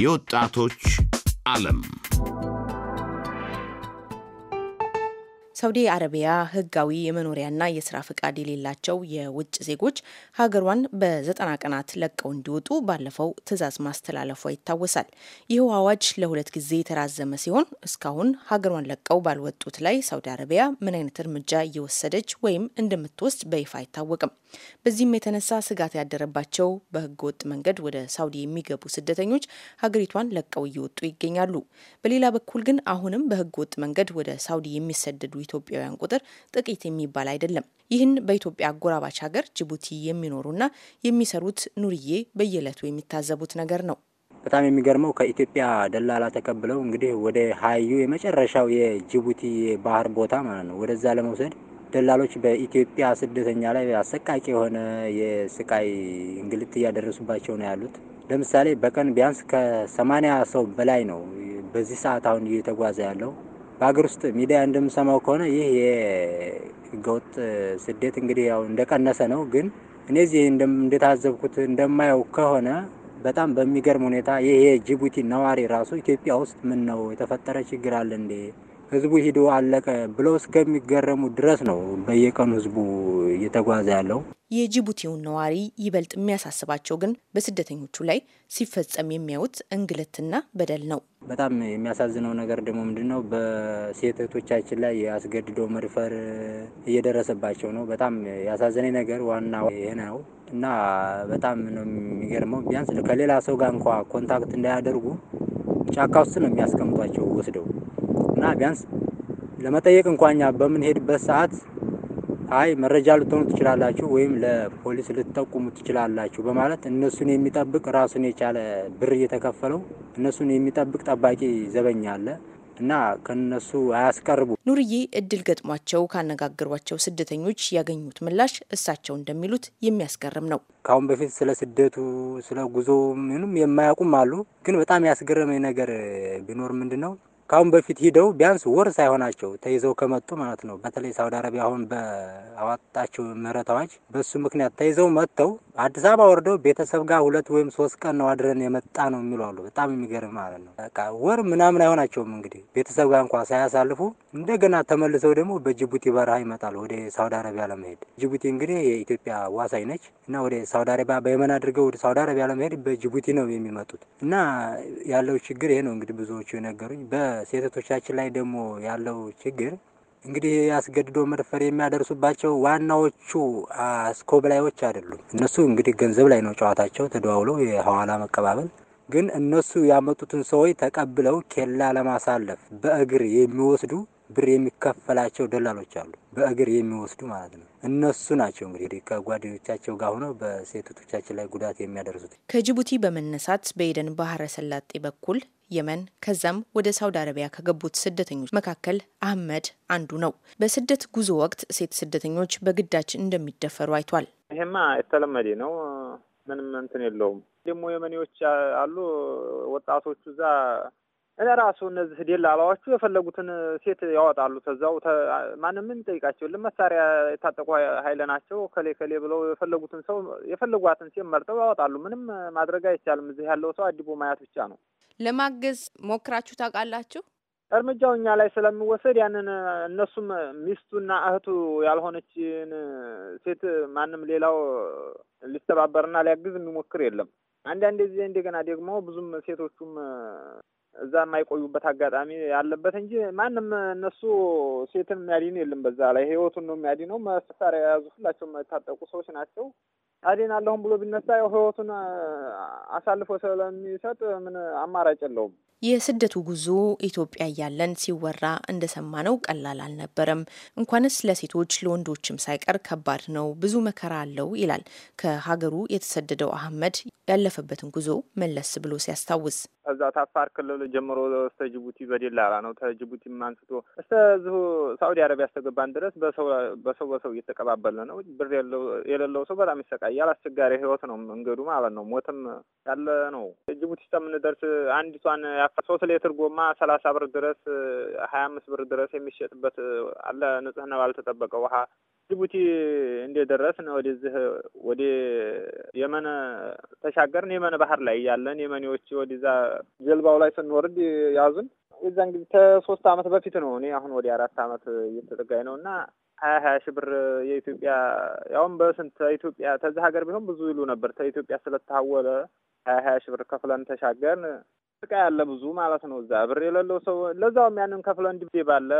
የወጣቶች ዓለም ሳውዲ አረቢያ ህጋዊ የመኖሪያና የስራ ፈቃድ የሌላቸው የውጭ ዜጎች ሀገሯን በዘጠና ቀናት ለቀው እንዲወጡ ባለፈው ትዕዛዝ ማስተላለፏ ይታወሳል። ይህው አዋጅ ለሁለት ጊዜ የተራዘመ ሲሆን እስካሁን ሀገሯን ለቀው ባልወጡት ላይ ሳውዲ አረቢያ ምን አይነት እርምጃ እየወሰደች ወይም እንደምትወስድ በይፋ አይታወቅም። በዚህም የተነሳ ስጋት ያደረባቸው በህገ ወጥ መንገድ ወደ ሳውዲ የሚገቡ ስደተኞች ሀገሪቷን ለቀው እየወጡ ይገኛሉ። በሌላ በኩል ግን አሁንም በህገ ወጥ መንገድ ወደ ሳውዲ የሚሰደዱ ኢትዮጵያውያን ቁጥር ጥቂት የሚባል አይደለም። ይህን በኢትዮጵያ አጎራባች ሀገር ጅቡቲ የሚኖሩና የሚሰሩት ኑርዬ በየዕለቱ የሚታዘቡት ነገር ነው። በጣም የሚገርመው ከኢትዮጵያ ደላላ ተቀብለው እንግዲህ ወደ ሀዩ የመጨረሻው የጅቡቲ ባህር ቦታ ማለት ነው ወደዛ ለመውሰድ ደላሎች በኢትዮጵያ ስደተኛ ላይ አሰቃቂ የሆነ የስቃይ እንግልት እያደረሱባቸው ነው ያሉት። ለምሳሌ በቀን ቢያንስ ከሰማንያ ሰው በላይ ነው በዚህ ሰዓት አሁን እየተጓዘ ያለው በሀገር ውስጥ ሚዲያ እንደምሰማው ከሆነ ይህ የህገወጥ ስደት እንግዲህ ያው እንደቀነሰ ነው። ግን እኔ እዚህ እንደታዘብኩት እንደማየው ከሆነ በጣም በሚገርም ሁኔታ ይህ የጅቡቲ ነዋሪ ራሱ ኢትዮጵያ ውስጥ ምን ነው የተፈጠረ ችግር አለ እንዴ ህዝቡ ሂዶ አለቀ ብለው እስከሚገረሙ ድረስ ነው በየቀኑ ህዝቡ እየተጓዘ ያለው። የጅቡቲውን ነዋሪ ይበልጥ የሚያሳስባቸው ግን በስደተኞቹ ላይ ሲፈጸም የሚያዩት እንግልትና በደል ነው። በጣም የሚያሳዝነው ነገር ደግሞ ምንድን ነው? በሴት እህቶቻችን ላይ የአስገድዶ መድፈር እየደረሰባቸው ነው። በጣም ያሳዘነኝ ነገር ዋና ይህ ነው እና በጣም ነው የሚገርመው። ቢያንስ ከሌላ ሰው ጋር እንኳ ኮንታክት እንዳያደርጉ ጫካ ውስጥ ነው የሚያስቀምጧቸው ወስደው እና ቢያንስ ለመጠየቅ እንኳን እኛ በምንሄድበት ሰዓት አይ መረጃ ልትሆኑ ትችላላችሁ ወይም ለፖሊስ ልትጠቁሙ ትችላላችሁ በማለት እነሱን የሚጠብቅ ራሱን የቻለ ብር እየተከፈለው እነሱን የሚጠብቅ ጠባቂ ዘበኛ አለ እና ከነሱ አያስቀርቡ። ኑርዬ እድል ገጥሟቸው ካነጋገሯቸው ስደተኞች ያገኙት ምላሽ እሳቸው እንደሚሉት የሚያስገርም ነው። ከአሁን በፊት ስለ ስደቱ ስለ ጉዞ ምንም የማያውቁም አሉ። ግን በጣም ያስገረመኝ ነገር ቢኖር ምንድን ነው ከአሁን በፊት ሂደው ቢያንስ ወር ሳይሆናቸው ተይዘው ከመጡ ማለት ነው። በተለይ ሳውዲ አረቢያ አሁን በአዋጣቸው ምህረት አዋጅ በሱ ምክንያት ተይዘው መጥተው አዲስ አበባ ወርደው ቤተሰብ ጋር ሁለት ወይም ሶስት ቀን ነው አድረን የመጣ ነው የሚሉ አሉ። በጣም የሚገርም ማለት ነው። በቃ ወር ምናምን አይሆናቸውም እንግዲህ ቤተሰብ ጋር እንኳ ሳያሳልፉ እንደገና ተመልሰው ደግሞ በጅቡቲ በረሃ ይመጣሉ ወደ ሳውዲ አረቢያ ለመሄድ። ጅቡቲ እንግዲህ የኢትዮጵያ ዋሳኝ ነች እና ወደ ሳውዲ አረቢያ በየመን አድርገው ወደ ሳውዲ አረቢያ ለመሄድ በጅቡቲ ነው የሚመጡት እና ያለው ችግር ይሄ ነው እንግዲህ ብዙዎቹ የነገሩኝ በሴቶቻችን ላይ ደግሞ ያለው ችግር እንግዲህ አስገድዶ መድፈር የሚያደርሱባቸው ዋናዎቹ አስኮብላዮች አይደሉም። እነሱ እንግዲህ ገንዘብ ላይ ነው ጨዋታቸው፣ ተደዋውለው የሐዋላ መቀባበል። ግን እነሱ ያመጡትን ሰዎች ተቀብለው ኬላ ለማሳለፍ በእግር የሚወስዱ ብር የሚከፈላቸው ደላሎች አሉ። በእግር የሚወስዱ ማለት ነው። እነሱ ናቸው እንግዲህ ከጓደኞቻቸው ጋር ሆነው በሴቶቻችን ላይ ጉዳት የሚያደርሱት። ከጅቡቲ በመነሳት በኤደን ባህረ ሰላጤ በኩል የመን ከዛም ወደ ሳውዲ አረቢያ ከገቡት ስደተኞች መካከል አህመድ አንዱ ነው። በስደት ጉዞ ወቅት ሴት ስደተኞች በግዳጅ እንደሚደፈሩ አይቷል። ይሄማ የተለመደ ነው። ምንም እንትን የለውም። ደግሞ የመኔዎች አሉ ወጣቶቹ እዛ እኔ ራሱ እነዚህ ደላላዎቹ የፈለጉትን ሴት ያወጣሉ። ተዛው ማንም ምን ጠይቃቸው መሳሪያ የታጠቁ ኃይለ ናቸው። ከሌ ከሌ ብለው የፈለጉትን ሰው የፈለጓትን ሴት መርጠው ያወጣሉ። ምንም ማድረግ አይቻልም። እዚህ ያለው ሰው አዲቦ ማያት ብቻ ነው። ለማገዝ ሞክራችሁ ታውቃላችሁ? እርምጃው እኛ ላይ ስለሚወሰድ ያንን እነሱም ሚስቱና እህቱ ያልሆነችን ሴት ማንም ሌላው ሊተባበርና ሊያግዝ የሚሞክር የለም። አንዳንድ ጊዜ እንደገና ደግሞ ብዙም ሴቶቹም እዛ የማይቆዩበት አጋጣሚ ያለበት እንጂ ማንም እነሱ ሴትን የሚያድን የለም። በዛ ላይ ህይወቱን ነው የሚያድነው። መሳሪያ የያዙ ሁላቸው የታጠቁ ሰዎች ናቸው። አዴን አለሁም ብሎ ቢነሳ ያው ህይወቱን አሳልፎ ስለሚሰጥ ምን አማራጭ የለውም። የስደቱ ጉዞ ኢትዮጵያ እያለን ሲወራ እንደሰማ ነው ቀላል አልነበረም። እንኳንስ ለሴቶች ለወንዶችም ሳይቀር ከባድ ነው፣ ብዙ መከራ አለው ይላል ከሀገሩ የተሰደደው አህመድ ያለፈበትን ጉዞ መለስ ብሎ ሲያስታውስ። እዛ ታፋር ክልል ጀምሮ እስተ ጅቡቲ በዴላራ ነው። ተጅቡቲም አንስቶ እስተ እዚሁ ሳኡዲ አረቢያ ስተገባን ድረስ በሰው በሰው እየተቀባበለ ነው። ብር የሌለው ሰው በጣም ይሰቃል። ይታያል። አስቸጋሪ ህይወት ነው መንገዱ ማለት ነው። ሞትም ያለ ነው። ጅቡቲ እስከምንደርስ አንዲቷን ሶስት ሌትር ጎማ ሰላሳ ብር ድረስ ሀያ አምስት ብር ድረስ የሚሸጥበት አለ። ንጽህና ባልተጠበቀ ውሃ ጅቡቲ እንደደረስን ወደዚህ ወደ የመን ተሻገርን። የመን ባህር ላይ እያለን የመኔዎች ወደዛ ጀልባው ላይ ስንወርድ ያዙን። የዛን ጊዜ ከሶስት አመት በፊት ነው። እኔ አሁን ወደ አራት አመት እየተጠጋኝ ነው እና ሀያ ሀያ ሺህ ብር የኢትዮጵያ ያውም በስንት ኢትዮጵያ ተዛ ሀገር ቢሆን ብዙ ይሉ ነበር። ተኢትዮጵያ ስለተሀወለ ሀያ ሀያ ሺህ ብር ከፍለን ተሻገርን። ስቃ ያለ ብዙ ማለት ነው። እዛ ብር የሌለው ሰው ለዛውም ያንን ከፍለ እንዲብዴ ባለ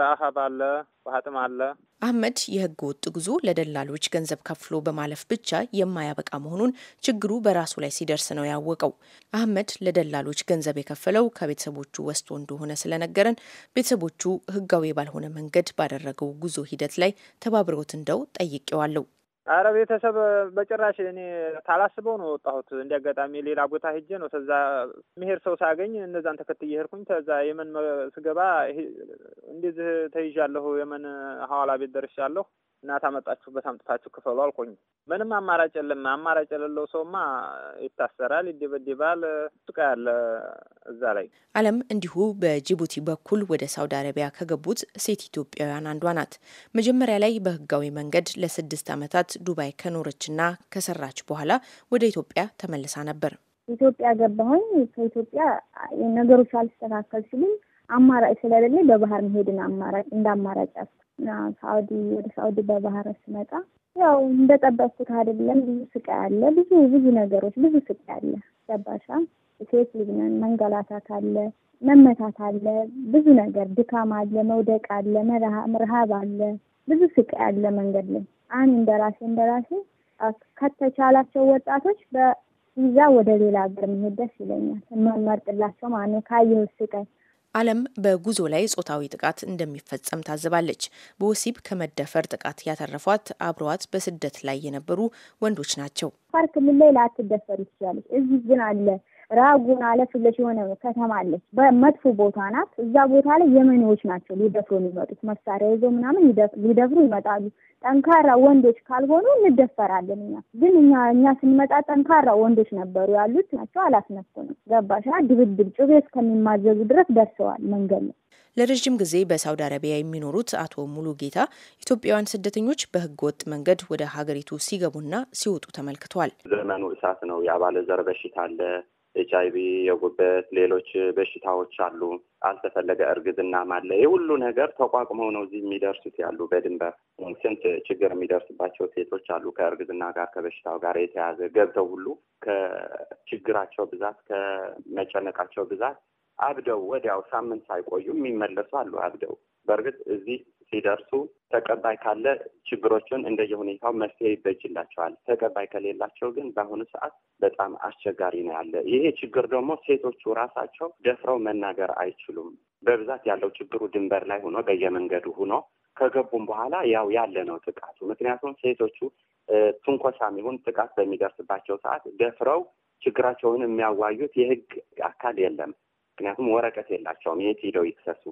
ረሀብ አለ፣ ውሃ ጥም አለ። አህመድ የህገ ወጥ ጉዞ ለደላሎች ገንዘብ ከፍሎ በማለፍ ብቻ የማያበቃ መሆኑን ችግሩ በራሱ ላይ ሲደርስ ነው ያወቀው። አህመድ ለደላሎች ገንዘብ የከፈለው ከቤተሰቦቹ ወስዶ እንደሆነ ስለነገረን ቤተሰቦቹ ህጋዊ ባልሆነ መንገድ ባደረገው ጉዞ ሂደት ላይ ተባብረውት እንደው ጠይቄዋለሁ። አረ ቤተሰብ በጭራሽ እኔ ታላስበው ነው ወጣሁት እንዲ አጋጣሚ ሌላ ቦታ ሄጄ ነው ከዛ መሄድ ሰው ሳገኝ እነዛን ተከትዬ ሄድኩኝ። ከዛ የመን ስገባ እንደዚህ ተይዣለሁ፣ የመን ሐዋላ ቤት ደርሻለሁ እና ታመጣችሁበት አምጥታችሁ ክፈሉ አልኮኝ። ምንም አማራጭ የለም። አማራጭ የሌለው ሰውማ ይታሰራል፣ ይደበደባል። ሱቃ ያለ እዛ ላይ አለም እንዲሁ በጅቡቲ በኩል ወደ ሳውዲ አረቢያ ከገቡት ሴት ኢትዮጵያውያን አንዷ ናት። መጀመሪያ ላይ በህጋዊ መንገድ ለስድስት ዓመታት ዱባይ ከኖረችና ከሰራች በኋላ ወደ ኢትዮጵያ ተመልሳ ነበር። ኢትዮጵያ ገባሁኝ። ከኢትዮጵያ ነገሮች አልስተካከል ሲሉኝ አማራጭ ስለሌለኝ በባህር መሄድን አማራጭ እንደ አማራጭ ሳኡዲ ወደ ሳኡዲ በባህር ስመጣ ያው እንደጠበቅኩት አይደለም። ብዙ ስቃይ አለ፣ ብዙ ብዙ ነገሮች፣ ብዙ ስቃይ አለ። ገባሻ? ሴት ልጅ ነን፣ መንገላታት አለ፣ መመታት አለ፣ ብዙ ነገር፣ ድካም አለ፣ መውደቅ አለ፣ ረሃብ አለ፣ ብዙ ስቃይ አለ መንገድ ላይ አን እንደራሴ እንደራሴ ከተቻላቸው ወጣቶች በቪዛ ወደ ሌላ ሀገር መሄድ ደስ ይለኛል። መመርጥላቸው ማነው ነው ካየሁት ስቃይ ዓለም በጉዞ ላይ ጾታዊ ጥቃት እንደሚፈጸም ታዝባለች። በወሲብ ከመደፈር ጥቃት ያተረፏት አብረዋት በስደት ላይ የነበሩ ወንዶች ናቸው። ፓርክ ምን ላይ ላትደፈር ይችላለች። እዚህ ግን አለ ራጉን አለፍ የሆነ ከተማ አለች፣ በመጥፎ ቦታ ናት። እዛ ቦታ ላይ የመኔዎች ናቸው ሊደፍሩ የሚመጡት መሳሪያ ይዞ ምናምን ሊደፍሩ ይመጣሉ። ጠንካራ ወንዶች ካልሆኑ እንደፈራለን። እኛ ግን እኛ እኛ ስንመጣ ጠንካራ ወንዶች ነበሩ ያሉት ናቸው። ነው ገባሻ? ድብድብ ጩቤ እስከሚማዘዙ ድረስ ደርሰዋል መንገድ ነው። ለረዥም ጊዜ በሳውዲ አረቢያ የሚኖሩት አቶ ሙሉ ጌታ ኢትዮጵያውያን ስደተኞች በህገወጥ መንገድ ወደ ሀገሪቱ ሲገቡና ሲወጡ ተመልክተዋል። ዘመኑ እሳት ነው። የአባለ ዘር በሽታ አለ ኤች አይቪ፣ የጉበት ሌሎች በሽታዎች አሉ። አልተፈለገ እርግዝናም አለ። ይህ ሁሉ ነገር ተቋቁመው ነው እዚህ የሚደርሱት ያሉ በድንበር ስንት ችግር የሚደርስባቸው ሴቶች አሉ። ከእርግዝና ጋር ከበሽታው ጋር የተያዘ ገብተው ሁሉ ከችግራቸው ብዛት ከመጨነቃቸው ብዛት አብደው ወዲያው ሳምንት ሳይቆዩ የሚመለሱ አሉ። አብደው በእርግጥ እዚህ ሲደርሱ ተቀባይ ካለ ችግሮችን እንደየሁኔታው መፍትሄ ይበጅላቸዋል። ተቀባይ ከሌላቸው ግን በአሁኑ ሰዓት በጣም አስቸጋሪ ነው ያለ። ይሄ ችግር ደግሞ ሴቶቹ ራሳቸው ደፍረው መናገር አይችሉም። በብዛት ያለው ችግሩ ድንበር ላይ ሆኖ በየመንገዱ ሆኖ ከገቡም በኋላ ያው ያለ ነው ጥቃቱ። ምክንያቱም ሴቶቹ ትንኮሳም ይሁን ጥቃት በሚደርስባቸው ሰዓት ደፍረው ችግራቸውን የሚያዋዩት የህግ አካል የለም። ምክንያቱም ወረቀት የላቸውም። የት ሄደው ይክሰሱ?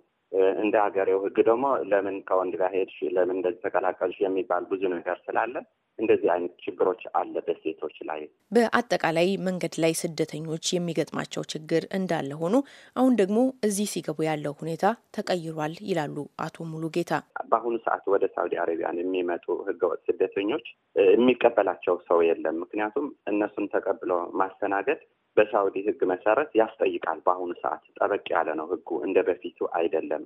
እንደ ሀገሬው ህግ ደግሞ ለምን ከወንድ ጋር ሄድሽ፣ ለምን እንደዚህ ተቀላቀልሽ የሚባል ብዙ ነገር ስላለ እንደዚህ አይነት ችግሮች አለ በሴቶች ላይ። በአጠቃላይ መንገድ ላይ ስደተኞች የሚገጥማቸው ችግር እንዳለ ሆኖ አሁን ደግሞ እዚህ ሲገቡ ያለው ሁኔታ ተቀይሯል ይላሉ አቶ ሙሉ ጌታ። በአሁኑ ሰዓት ወደ ሳውዲ አረቢያን የሚመጡ ህገወጥ ስደተኞች የሚቀበላቸው ሰው የለም። ምክንያቱም እነሱን ተቀብሎ ማስተናገድ በሳውዲ ህግ መሰረት ያስጠይቃል። በአሁኑ ሰዓት ጠበቅ ያለ ነው ህጉ እንደ በፊቱ አይደለም።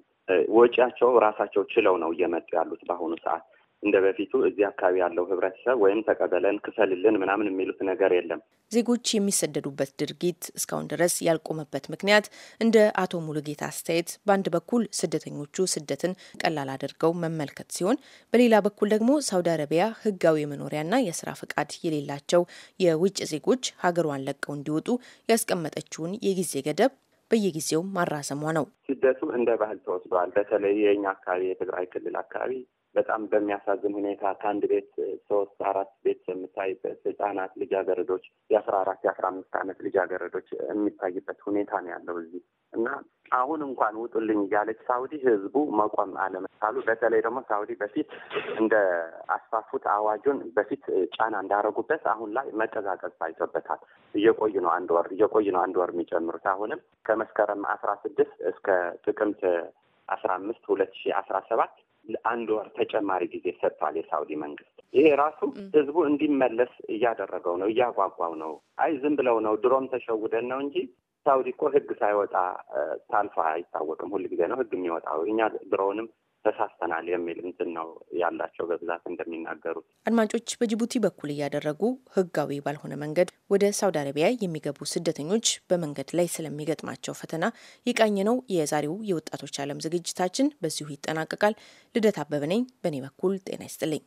ወጪያቸው ራሳቸው ችለው ነው እየመጡ ያሉት በአሁኑ ሰዓት እንደ በፊቱ እዚህ አካባቢ ያለው ህብረተሰብ ወይም ተቀበለን ክፈልልን ምናምን የሚሉት ነገር የለም። ዜጎች የሚሰደዱበት ድርጊት እስካሁን ድረስ ያልቆመበት ምክንያት እንደ አቶ ሙሉጌታ አስተያየት በአንድ በኩል ስደተኞቹ ስደትን ቀላል አድርገው መመልከት ሲሆን፣ በሌላ በኩል ደግሞ ሳውዲ አረቢያ ህጋዊ መኖሪያና የስራ ፍቃድ የሌላቸው የውጭ ዜጎች ሀገሯን ለቀው እንዲወጡ ያስቀመጠችውን የጊዜ ገደብ በየጊዜው ማራዘሟ ነው። ስደቱ እንደ ባህል ተወስዷል። በተለይ የኛ አካባቢ የትግራይ ክልል አካባቢ በጣም በሚያሳዝን ሁኔታ ከአንድ ቤት ሶስት አራት ቤት የምታይበት ህጻናት ልጃገረዶች የአስራ አራት የአስራ አምስት አመት ልጃገረዶች የሚታይበት ሁኔታ ነው ያለው እዚህ እና አሁን እንኳን ውጡልኝ እያለች ሳውዲ ህዝቡ መቆም አለመቻሉ፣ በተለይ ደግሞ ሳውዲ በፊት እንደ አስፋፉት አዋጁን በፊት ጫና እንዳረጉበት አሁን ላይ መቀዛቀዝ ታይቶበታል። እየቆዩ ነው አንድ ወር እየቆዩ ነው አንድ ወር የሚጨምሩት አሁንም ከመስከረም አስራ ስድስት እስከ ጥቅምት አስራ አምስት ሁለት ሺ አስራ ሰባት ለአንድ ወር ተጨማሪ ጊዜ ሰጥቷል የሳውዲ መንግስት። ይሄ ራሱ ህዝቡ እንዲመለስ እያደረገው ነው፣ እያጓጓው ነው። አይ ዝም ብለው ነው ድሮም ተሸውደን ነው እንጂ ሳውዲ እኮ ህግ ሳይወጣ ታልፎ አይታወቅም። ሁልጊዜ ነው ህግ የሚወጣው። እኛ ድሮውንም ተሳስተናል የሚል እንትን ነው ያላቸው በብዛት እንደሚናገሩት። አድማጮች በጅቡቲ በኩል እያደረጉ ህጋዊ ባልሆነ መንገድ ወደ ሳውዲ አረቢያ የሚገቡ ስደተኞች በመንገድ ላይ ስለሚገጥማቸው ፈተና የቃኘ ነው የዛሬው የወጣቶች ዓለም ዝግጅታችን በዚሁ ይጠናቀቃል። ልደት አበበ ነኝ። በእኔ በኩል ጤና ይስጥልኝ።